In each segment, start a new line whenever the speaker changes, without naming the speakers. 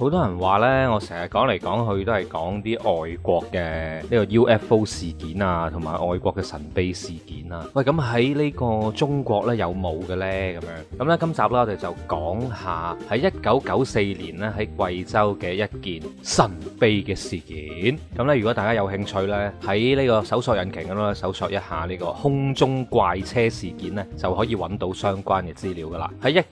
好多人話咧，我成日講嚟講去都係講啲外國嘅呢個 ufo 事件啊，同埋外國嘅神秘事件啊，喂，咁喺呢個中國咧，有冇嘅咧？咁樣咁咧，今集啦，我哋就講下喺1994年咧，喺貴州嘅一件神秘嘅事件。咁咧，如果大家有興趣咧，喺呢個搜索引擎咁啦，搜索一下呢個空中怪車事件咧，就可以搵到相關嘅資料噶啦。喺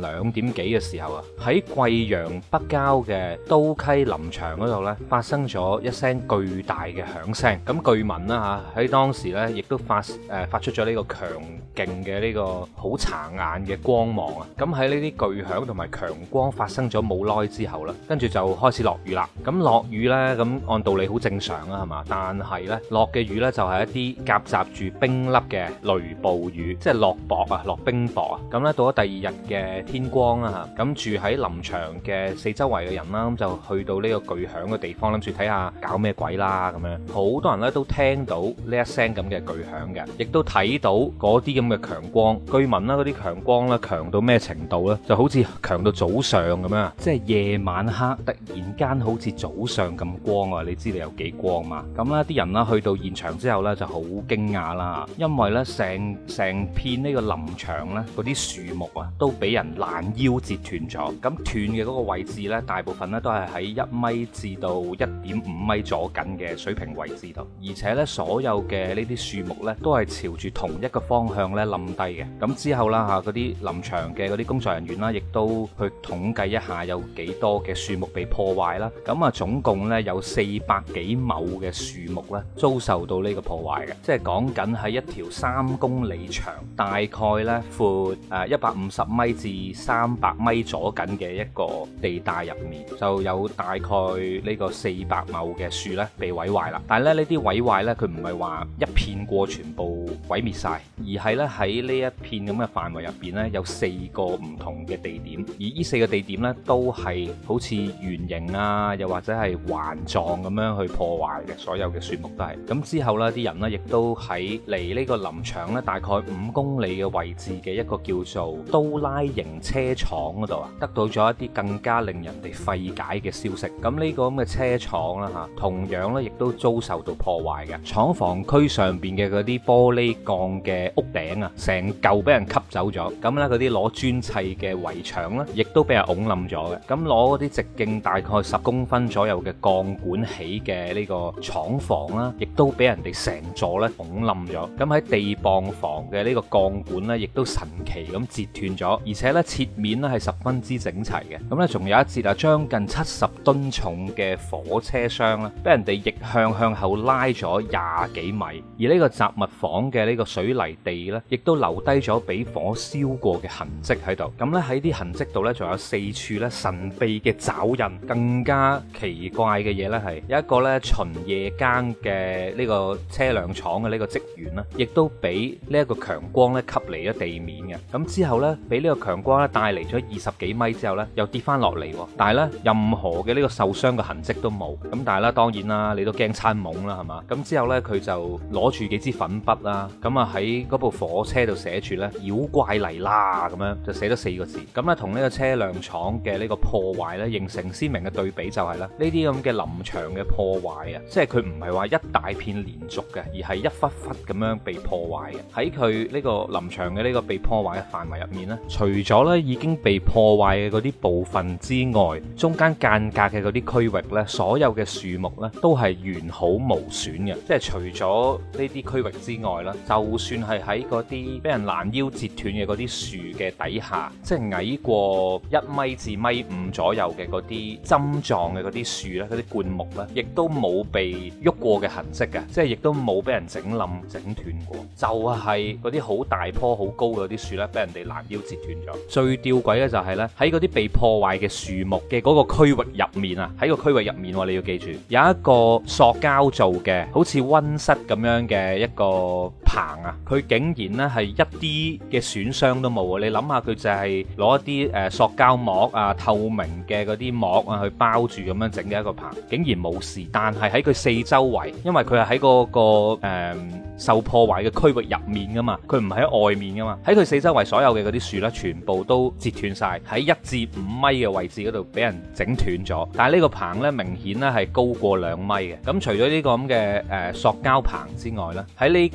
兩點幾嘅時候啊，喺貴陽北郊嘅都溪林場嗰度呢，發生咗一聲巨大嘅響聲。咁據聞啦嚇，喺當時呢，亦都發誒、呃、發出咗呢個強勁嘅呢個好殘眼嘅光芒啊！咁喺呢啲巨響同埋強光發生咗冇耐之後呢，跟住就開始落雨啦。咁落雨呢，咁按道理好正常啊，係嘛？但係呢，落嘅雨呢，就係、是、一啲夾雜住冰粒嘅雷暴雨，即係落雹啊，落冰雹啊！咁呢，到咗第二日嘅。天光啊，咁住喺林場嘅四周圍嘅人啦，咁、嗯、就去到呢個巨響嘅地方，諗住睇下搞咩鬼啦咁樣。好多人咧都聽到呢一聲咁嘅巨響嘅，亦都睇到嗰啲咁嘅強光。據聞啦，嗰啲強光咧強到咩程度咧？就好似強到早上咁樣，即係夜晚黑突然間好似早上咁光啊！你知你有幾光嘛、啊？咁啦，啲人啦去到現場之後咧就好驚訝啦，因為咧成成片個呢個林場咧嗰啲樹木啊都俾人。攔腰截斷咗，咁斷嘅嗰個位置咧，大部分咧都係喺一米至到一點五米左近嘅水平位置度，而且咧所有嘅呢啲樹木咧都係朝住同一個方向咧冧低嘅。咁之後啦嚇，嗰啲林場嘅嗰啲工作人員啦，亦都去統計一下有幾多嘅樹木被破壞啦。咁啊總共咧有四百幾畝嘅樹木咧遭受到呢個破壞嘅，即係講緊係一條三公里長，大概咧闊誒一百五十米至，二三百米左近嘅一個地帶入面，就有大概呢個四百畝嘅樹咧被毀壞啦。但係咧呢啲毀壞咧，佢唔係話一片過全部毀滅晒，而係咧喺呢一片咁嘅範圍入邊咧，有四個唔同嘅地點，而呢四個地點咧都係好似圓形啊，又或者係環狀咁樣去破壞嘅，所有嘅樹木都係。咁之後咧，啲人咧亦都喺離呢個林場咧大概五公里嘅位置嘅一個叫做都拉營。車廠嗰度啊，得到咗一啲更加令人哋費解嘅消息。咁呢個咁嘅車廠啦，嚇、啊、同樣咧亦都遭受到破壞嘅。廠房區上邊嘅嗰啲玻璃鋼嘅屋頂啊，成嚿俾人吸走咗。咁咧嗰啲攞磚砌嘅圍牆咧，亦都俾人拱冧咗嘅。咁攞嗰啲直徑大概十公分左右嘅鋼管起嘅呢個廠房啦、啊，亦都俾人哋成座咧拱冧咗。咁喺地磅房嘅呢個鋼管咧，亦都神奇咁截斷咗，而且，切面咧係十分之整齊嘅，咁咧仲有一節啊，將近七十噸重嘅火車廂咧，俾人哋逆向向後拉咗廿幾米，而呢個雜物房嘅呢個水泥地咧，亦都留低咗俾火燒過嘅痕跡喺度。咁咧喺啲痕跡度咧，仲有四處咧神秘嘅爪印。更加奇怪嘅嘢咧係，有一個咧巡夜間嘅呢個車輛廠嘅呢個職員呢，亦都俾呢一個強光咧吸離咗地面嘅。咁之後咧，俾呢個強瓜帶嚟咗二十幾米之後呢，又跌翻落嚟，但係呢，任何嘅呢個受傷嘅痕跡都冇。咁但係啦，當然啦，你都驚餐懵啦，係嘛？咁之後呢，佢就攞住幾支粉筆啦，咁啊喺嗰部火車度寫住咧妖怪嚟啦，咁樣就寫咗四個字。咁咧同呢個車輛廠嘅呢個破壞呢，形成鮮明嘅對比就係咧呢啲咁嘅林場嘅破壞啊，即係佢唔係話一大片連續嘅，而係一忽忽咁樣被破壞嘅。喺佢呢個林場嘅呢個被破壞嘅範圍入面呢，除咗咁咧，已經被破壞嘅嗰啲部分之外，中間間隔嘅嗰啲區域呢，所有嘅樹木呢，都係完好無損嘅，即係除咗呢啲區域之外呢，就算係喺嗰啲俾人攔腰截斷嘅嗰啲樹嘅底下，即係矮過一米至米五左右嘅嗰啲針狀嘅嗰啲樹呢，嗰啲灌木呢，亦都冇被喐過嘅痕跡嘅，即係亦都冇俾人整冧、整斷過，就係嗰啲好大棵、好高嘅嗰啲樹呢，俾人哋攔腰截斷咗。最吊詭嘅就係、是、呢，喺嗰啲被破壞嘅樹木嘅嗰個區域入面啊，喺個區域入面喎，你要記住，有一個塑膠做嘅好似溫室咁樣嘅一個棚啊，佢竟然呢係一啲嘅損傷都冇啊！你諗下，佢就係攞一啲誒塑膠膜啊、透明嘅嗰啲膜啊去包住咁樣整嘅一個棚，竟然冇事。但係喺佢四周圍，因為佢係喺嗰個、那個嗯受破壞嘅區域入面噶嘛，佢唔喺外面噶嘛，喺佢四周圍所有嘅嗰啲樹呢，全部都截斷晒，喺一至五米嘅位置嗰度俾人整斷咗。但係呢個棚呢，明顯呢係高過兩米嘅。咁除咗呢個咁嘅誒塑膠棚之外呢，喺呢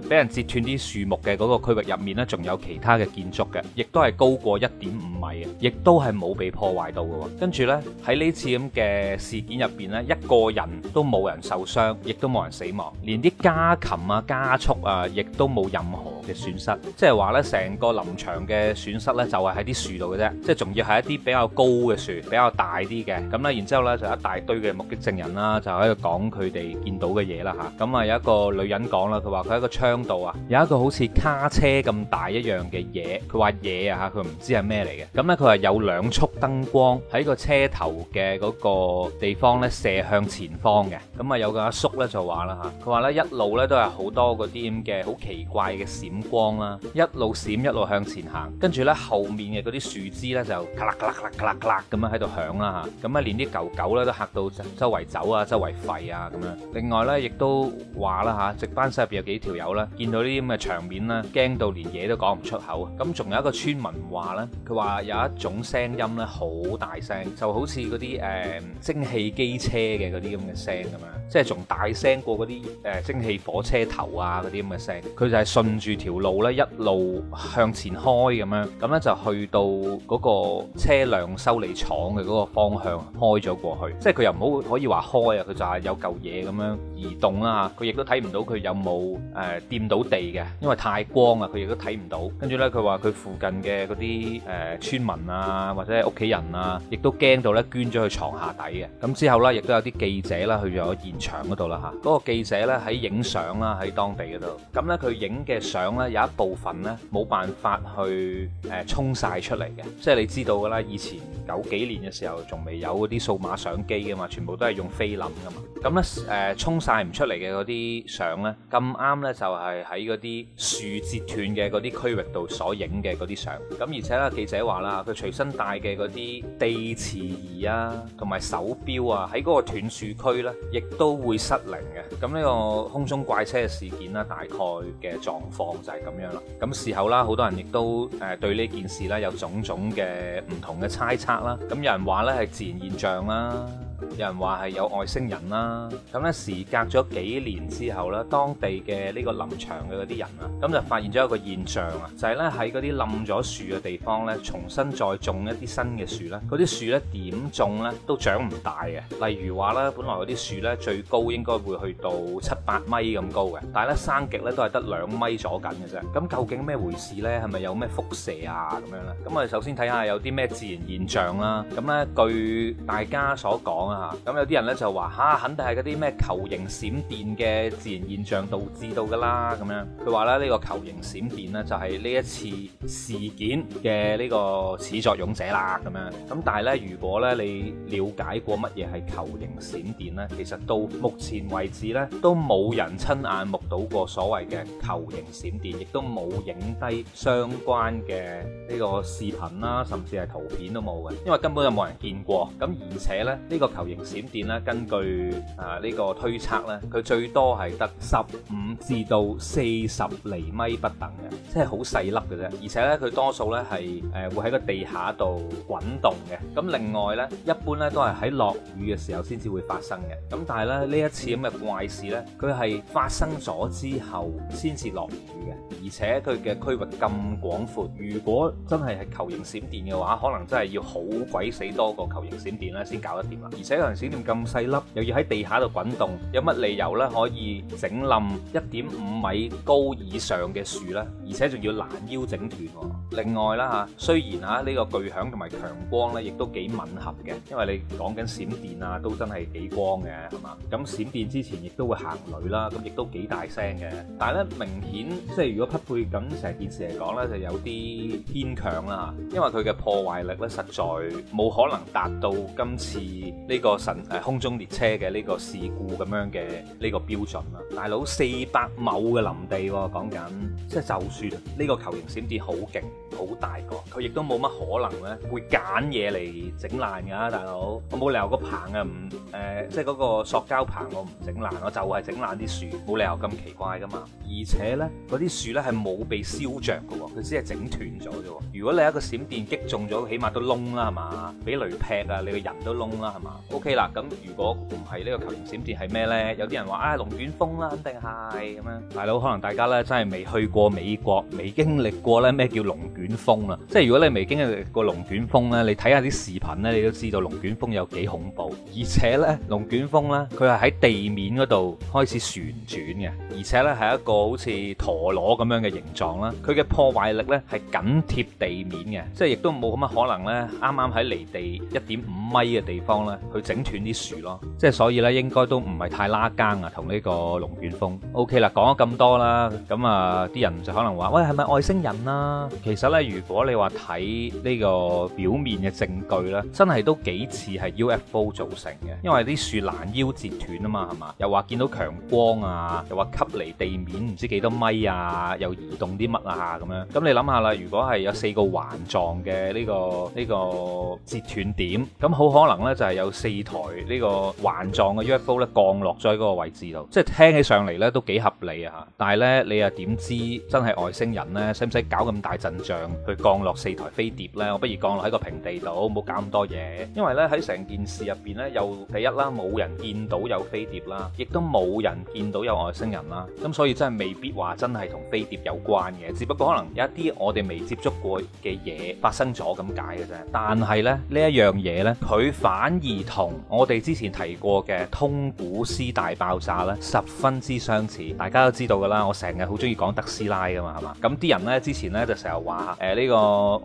個俾人截斷啲樹木嘅嗰個區域入面呢，仲有其他嘅建築嘅，亦都係高過一點五米嘅，亦都係冇被破壞到嘅。跟住呢，喺呢次咁嘅事件入邊呢，一個人都冇人受傷，亦都冇人死亡，連啲家禽啊～加速啊，亦都冇任何嘅損失，即係話呢，成個林場嘅損失呢，就係喺啲樹度嘅啫，即係仲要係一啲比較高嘅樹，比較大啲嘅，咁呢，然之後呢，就一大堆嘅目擊證人啦，就喺度講佢哋見到嘅嘢啦吓，咁啊有一個女人講啦，佢話佢喺個窗度啊，有一個好似卡車咁大一樣嘅嘢，佢話嘢啊佢唔知係咩嚟嘅，咁呢，佢話有兩束燈光喺個車頭嘅嗰個地方呢射向前方嘅，咁啊有個阿叔呢，就話啦吓，佢話呢，一路呢，都係好多嗰啲咁嘅好奇怪嘅閃。光啦，一路閃一路向前行，跟住呢後面嘅嗰啲樹枝呢就咔啦咔啦咔啦咔啦咁樣喺度響啦吓，咁啊連啲狗狗呢都嚇到周圍走啊，周圍吠啊咁樣。另外呢，亦都話啦吓，值班室入邊有幾條友啦，見到呢啲咁嘅場面咧，驚到連嘢都講唔出口。咁仲有一個村民話呢，佢話有一種聲音呢，好大聲，就好似嗰啲誒蒸汽機車嘅嗰啲咁嘅聲咁樣。即係仲大聲過嗰啲誒蒸汽火車頭啊嗰啲咁嘅聲，佢就係順住條路咧一路向前開咁樣，咁咧就去到嗰個車輛修理廠嘅嗰個方向開咗過去。即係佢又唔好可以話開啊，佢就係有嚿嘢咁樣移動啦嚇。佢亦都睇唔到佢有冇誒掂到地嘅，因為太光啊，佢亦都睇唔到。跟住咧，佢話佢附近嘅嗰啲誒村民啊或者屋企人啊，亦都驚到咧，捐咗去床下底嘅。咁之後咧，亦都有啲記者啦去咗見場嗰度啦嚇，嗰個記者咧喺影相啦喺當地嗰度，咁咧佢影嘅相咧有一部分咧冇辦法去誒沖晒出嚟嘅，即係你知道噶啦，以前九幾年嘅時候仲未有嗰啲數碼相機噶嘛，全部都係用菲林噶嘛，咁咧誒沖晒唔出嚟嘅嗰啲相咧，咁啱咧就係喺嗰啲樹折斷嘅嗰啲區域度所影嘅嗰啲相，咁而且咧記者話啦，佢隨身帶嘅嗰啲地磁儀啊，同埋手錶啊，喺嗰個斷樹區咧亦都，都會失靈嘅，咁呢個空中怪車事件咧，大概嘅狀況就係咁樣啦。咁事後啦，好多人亦都誒對呢件事咧有種種嘅唔同嘅猜測啦。咁有人話呢係自然現象啦。有人話係有外星人啦，咁、嗯、咧時隔咗幾年之後咧，當地嘅呢個林場嘅嗰啲人啊，咁、嗯、就發現咗一個現象啊，就係咧喺嗰啲冧咗樹嘅地方咧，重新再種一啲新嘅樹咧，嗰啲樹咧點種咧都長唔大嘅。例如話咧，本來嗰啲樹咧最高應該會去到七八米咁高嘅，但係咧生極咧都係得兩米左右嘅啫。咁、嗯、究竟咩回事咧？係咪有咩輻射啊咁樣咧？咁我哋首先睇下有啲咩自然現象啦。咁、嗯、咧據大家所講。咁有啲人咧就話吓、啊，肯定係嗰啲咩球形閃電嘅自然現象導致到噶啦咁樣。佢話咧呢、呢個球形閃電呢，就係、是、呢一次事件嘅呢個始作俑者啦咁樣。咁但係呢，如果咧你了解過乜嘢係球形閃電呢，其實到目前為止呢，都冇人親眼目睹過所謂嘅球形閃電，亦都冇影低相關嘅呢個視頻啦，甚至係圖片都冇嘅，因為根本就冇人見過。咁而且呢，呢、呢個。球形閃電咧，根據啊呢個推測咧，佢最多係得十五至到四十厘米不等嘅，即係好細粒嘅啫。而且咧，佢多數咧係誒會喺個地下度滾動嘅。咁另外咧，一般咧都係喺落雨嘅時候先至會發生嘅。咁但係咧呢一次咁嘅怪事咧，佢係發生咗之後先至落雨嘅。而且佢嘅區域咁廣闊，如果真係係球形閃電嘅話，可能真係要好鬼死多個球形閃電咧先搞得掂啦。寫個閃閃電咁細粒，又要喺地下度滾動，有乜理由咧可以整冧一點五米高以上嘅樹咧？而且仲要攔腰整斷喎。另外啦嚇，雖然嚇呢個巨響同埋強光咧，亦都幾吻合嘅，因為你講緊閃電啊，都真係幾光嘅，係嘛？咁閃電之前亦都會行雷啦，咁亦都幾大聲嘅。但係咧，明顯即係如果匹配緊成件事嚟講咧，就有啲牽強啦嚇，因為佢嘅破壞力咧，實在冇可能達到今次呢。呢、這個神誒空中列車嘅呢、這個事故咁樣嘅呢、這個標準啦、啊，大佬四百畝嘅林地喎、哦，講緊即係就算呢個球形閃電好勁，好大個，佢亦都冇乜可能咧會揀嘢嚟整爛㗎，大佬我冇理由個棚啊唔誒，即係嗰個塑膠棚我唔整爛，我就係整爛啲樹，冇理由咁奇怪㗎嘛。而且咧嗰啲樹咧係冇被燒着嘅喎，佢只係整斷咗啫。如果你一個閃電擊中咗，起碼都燶啦係嘛？俾雷劈啊，你個人都燶啦係嘛？O K 啦，咁、okay、如果唔係呢個球形閃電係咩呢？有啲人話啊，哎、龍捲風啦，肯定係咁樣。大佬，可能大家咧真係未去過美國，未經歷過咧咩叫龍捲風啦。即係如果你未經歷過龍捲風呢，你睇下啲視頻呢，你都知道龍捲風有幾恐怖。而且呢，龍捲風呢，佢係喺地面嗰度開始旋轉嘅，而且呢係一個好似陀螺咁樣嘅形狀啦。佢嘅破壞力呢係緊貼地面嘅，即係亦都冇咁乜可能呢。啱啱喺離地一點五米嘅地方咧。去整斷啲樹咯，即係所以咧應該都唔係太拉更啊，同呢個龍捲風。O K 啦，講咗咁多啦，咁啊啲人就可能話：喂係咪外星人啦、啊？」其實呢，如果你話睇呢個表面嘅證據呢，真係都幾似係 U F O 造成嘅，因為啲樹攔腰截斷啊嘛，係嘛？又話見到強光啊，又話吸離地面唔知幾多米啊，又移動啲乜啊咁樣。咁你諗下啦，如果係有四個環狀嘅呢個呢、這個截斷、這個、點，咁好可能呢就係、是、有。四台呢個環狀嘅 UFO 咧降落咗喺嗰個位置度，即係聽起上嚟咧都幾合理啊！但係咧你又點知真係外星人呢？使唔使搞咁大陣仗去降落四台飛碟呢，我不如降落喺個平地度，冇搞咁多嘢。因為呢，喺成件事入邊呢，又第一啦，冇人見到有飛碟啦，亦都冇人見到有外星人啦。咁所以真係未必話真係同飛碟有關嘅，只不過可能有一啲我哋未接觸過嘅嘢發生咗咁解嘅啫。但係咧呢一樣嘢呢，佢反而，同我哋之前提過嘅通古斯大爆炸咧，十分之相似。大家都知道噶啦，我成日好中意講特斯拉噶嘛，係嘛？咁啲人呢，之前呢就成日話誒呢個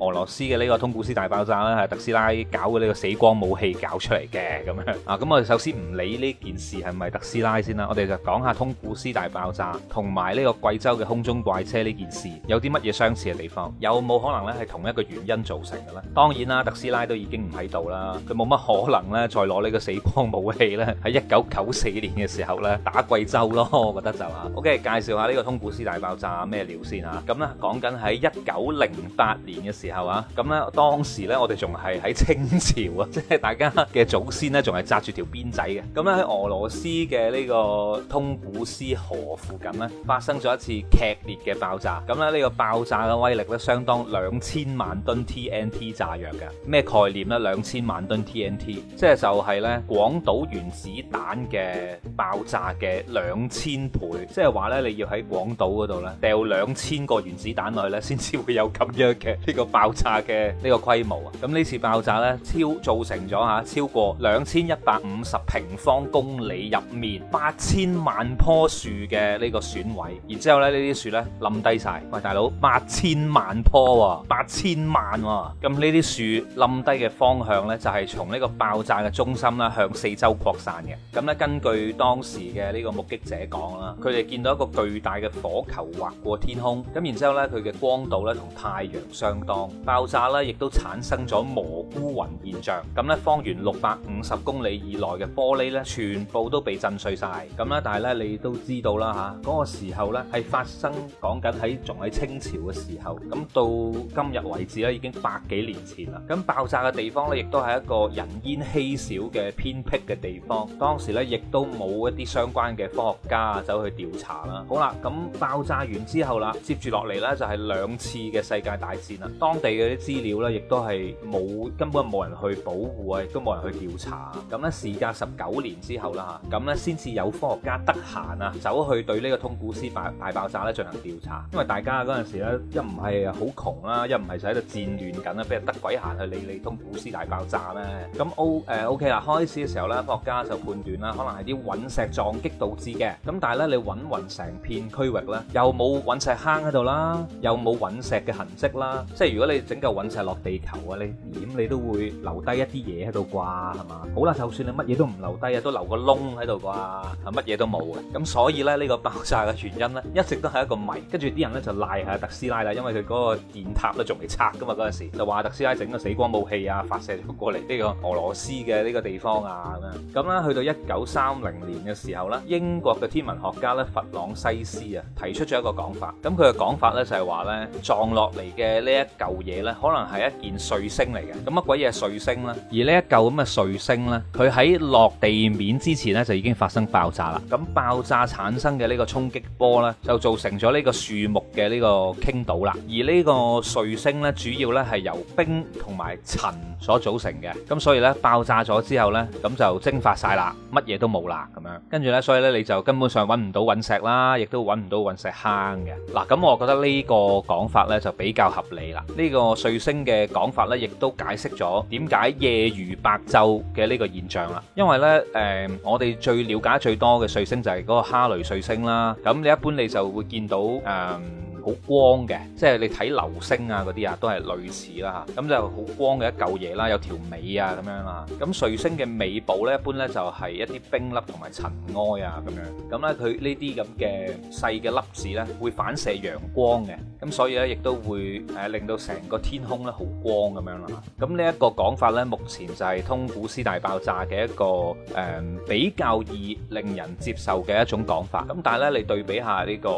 俄羅斯嘅呢個通古斯大爆炸咧係特斯拉搞嘅呢個死光武器搞出嚟嘅咁樣 啊。咁我哋首先唔理呢件事係咪特斯拉先啦，我哋就講下通古斯大爆炸同埋呢個貴州嘅空中怪車呢件事有啲乜嘢相似嘅地方，有冇可能咧係同一個原因造成嘅呢？當然啦，特斯拉都已經唔喺度啦，佢冇乜可能咧。再攞呢個死光武器咧，喺一九九四年嘅時候咧，打貴州咯，我覺得就啊。OK，介紹下呢個通古斯大爆炸咩料先啊？咁咧講緊喺一九零八年嘅時候啊，咁咧當時咧我哋仲係喺清朝啊，即係大家嘅祖先咧仲係紮住條辮仔嘅。咁咧喺俄羅斯嘅呢個通古斯河附近咧，發生咗一次劇烈嘅爆炸。咁咧呢個爆炸嘅威力咧，相當兩千萬噸 TNT 炸藥嘅。咩概念呢？兩千萬噸 TNT，即係～就係咧，廣島原子彈嘅爆炸嘅兩千倍，即係話咧，你要喺廣島嗰度咧，掉兩千個原子彈落去咧，先至會有咁樣嘅呢個爆炸嘅呢個規模啊！咁、嗯、呢次爆炸咧，超造成咗吓超過兩千一百五十平方公里入面八千萬棵樹嘅呢個損毀，然之後咧，呢啲樹咧冧低晒喂，大佬，八千萬棵八千萬喎，咁呢啲樹冧低嘅方向咧，就係從呢個爆炸嘅。中心啦，向四周擴散嘅。咁咧，根據當時嘅呢個目擊者講啦，佢哋見到一個巨大嘅火球劃過天空，咁然之後咧，佢嘅光度咧同太陽相當。爆炸咧，亦都產生咗蘑菇雲現象。咁咧，方圓六百五十公里以內嘅玻璃咧，全部都被震碎晒。咁啦，但係咧，你都知道啦嚇，嗰個時候咧係發生講緊喺仲喺清朝嘅時候。咁到今日為止咧，已經百幾年前啦。咁爆炸嘅地方咧，亦都係一個人煙稀少嘅偏僻嘅地方，當時咧亦都冇一啲相關嘅科學家走去調查啦。好啦，咁爆炸完之後啦，接住落嚟咧就係兩次嘅世界大戰啦。當地嗰啲資料咧，亦都係冇根本冇人去保護啊，亦都冇人去調查。咁咧，事隔十九年之後啦嚇，咁咧先至有科學家得閒啊，走去對呢個通古斯大大爆炸咧進行調查。因為大家嗰陣時咧一唔係好窮啦，一唔係就喺度戰亂緊啦，邊得鬼閒去理你通古斯大爆炸咩？咁 O 誒。O.K. 啦，開始嘅時候咧，科學家就判斷啦，可能係啲隕石撞擊導致嘅。咁但係咧，你搵勻成片區域咧，又冇隕石坑喺度啦，又冇隕石嘅痕跡啦。即係如果你整嚿隕石落地球啊，你點你都會留低一啲嘢喺度啩，係嘛？好啦，就算你乜嘢都唔留低啊，都留個窿喺度啩，係乜嘢都冇嘅。咁所以咧，呢個爆炸嘅原因咧，一直都係一個謎。跟住啲人咧就賴下特斯拉啦，因為佢嗰個電塔都仲未拆噶嘛，嗰陣時就話特斯拉整個死光武器啊，發射咗過嚟呢個俄羅斯嘅。呢個地方啊咁啦，咁啦，去到一九三零年嘅時候咧，英國嘅天文學家咧佛朗西斯啊提出咗一個講法。咁佢嘅講法咧就係話咧撞落嚟嘅呢一嚿嘢咧，可能係一件彗星嚟嘅。咁乜鬼嘢係彗星咧？而呢一嚿咁嘅彗星咧，佢喺落地面之前咧就已經發生爆炸啦。咁爆炸產生嘅呢個衝擊波咧，就造成咗呢個樹木嘅呢個傾倒啦。而呢個彗星咧，主要咧係由冰同埋塵所組成嘅。咁所以咧，爆炸咗之後咧，咁就蒸發晒啦，乜嘢都冇啦，咁樣跟住呢，所以呢，你就根本上揾唔到隕石啦，亦都揾唔到隕石坑嘅。嗱，咁我覺得呢個講法呢就比較合理啦。呢、呢個彗星嘅講法呢，亦都解釋咗點解夜如白晝嘅呢個現象啦。因為呢，誒、嗯，我哋最了解最多嘅彗星就係嗰個哈雷彗，彗，彗星啦。咁你一般你就會見到誒。嗯好光嘅，即係你睇流星啊嗰啲啊，都係類似啦吓，咁就好光嘅一舊嘢啦，有條尾啊咁樣啦。咁彗星嘅尾部咧，一般咧就係一啲冰粒同埋塵埃啊咁樣，咁咧佢呢啲咁嘅細嘅粒子咧，會反射陽光嘅。咁所以咧，亦都會誒令到成個天空咧好光咁樣啦。咁呢一個講法咧，目前就係通古斯大爆炸嘅一個誒、嗯、比較易令人接受嘅一種講法。咁但係咧，你對比下呢個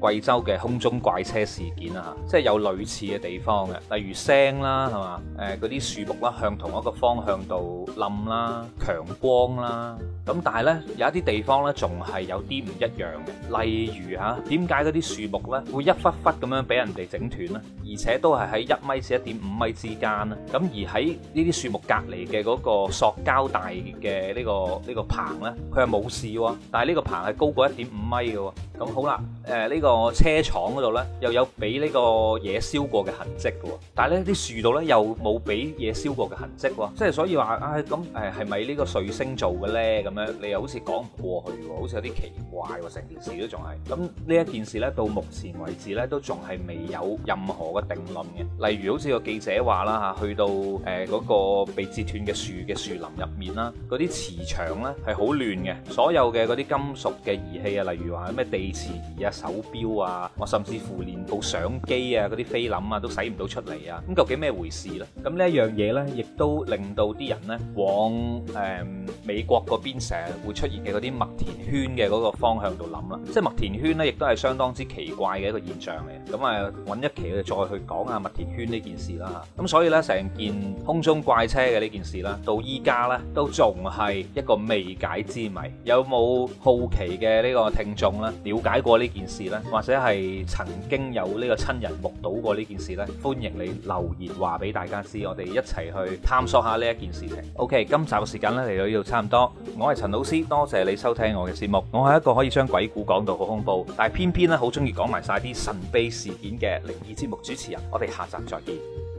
貴州嘅空中怪車事件啊，即係有類似嘅地方嘅，例如聲啦，係嘛？誒嗰啲樹木啦，向同一個方向度冧啦、強光啦，咁但係呢，有一啲地方呢，仲係有啲唔一樣嘅，例如嚇點解嗰啲樹木呢會一忽忽咁樣俾人哋整斷呢？而且都係喺一米至一點五米之間呢。咁而喺呢啲樹木隔離嘅嗰個塑膠帶嘅呢個呢、呢個棚呢，佢係冇事喎，但係呢個棚係高過一點五米嘅喎。咁好啦，誒、呃、呢、呢個車廠嗰度呢，又有俾呢個嘢燒過嘅痕跡喎，但係呢啲樹度呢，又冇俾嘢燒過嘅痕跡喎，即係所以話，唉咁誒係咪呢個水星做嘅呢？咁樣你又好似講唔過去喎，好似有啲奇怪喎，成件事都仲係咁呢一件事呢，到目前為止呢，都仲係未有任何嘅定論嘅，例如好似個記者話啦吓，去到誒嗰、呃嗰個被截斷嘅樹嘅樹林入面。面啦，嗰啲磁場咧係好亂嘅，所有嘅嗰啲金屬嘅儀器啊，例如話咩地磁儀啊、手錶啊，我甚至乎連部相機啊嗰啲菲林啊都洗唔到出嚟啊！咁究竟咩回事呢？咁呢一樣嘢呢，亦都令到啲人呢往誒、呃、美國嗰邊成日會出現嘅嗰啲麥田圈嘅嗰個方向度諗啦。即係麥田圈呢，亦都係相當之奇怪嘅一個現象嚟。咁啊，揾一期我再去講下麥田圈呢件事啦。咁所以呢，成件空中怪車嘅呢件事啦，到依家呢。都仲係一個未解之謎，有冇好奇嘅呢個聽眾呢？了解過呢件事呢？或者係曾經有呢個親人目睹過呢件事呢？歡迎你留言話俾大家知，我哋一齊去探索下呢一件事情。OK，今集嘅時間咧嚟到呢度差唔多，我係陳老師，多謝你收聽我嘅節目。我係一個可以將鬼故講到好恐怖，但係偏偏咧好中意講埋晒啲神秘事件嘅靈異節目主持人。我哋下集再見。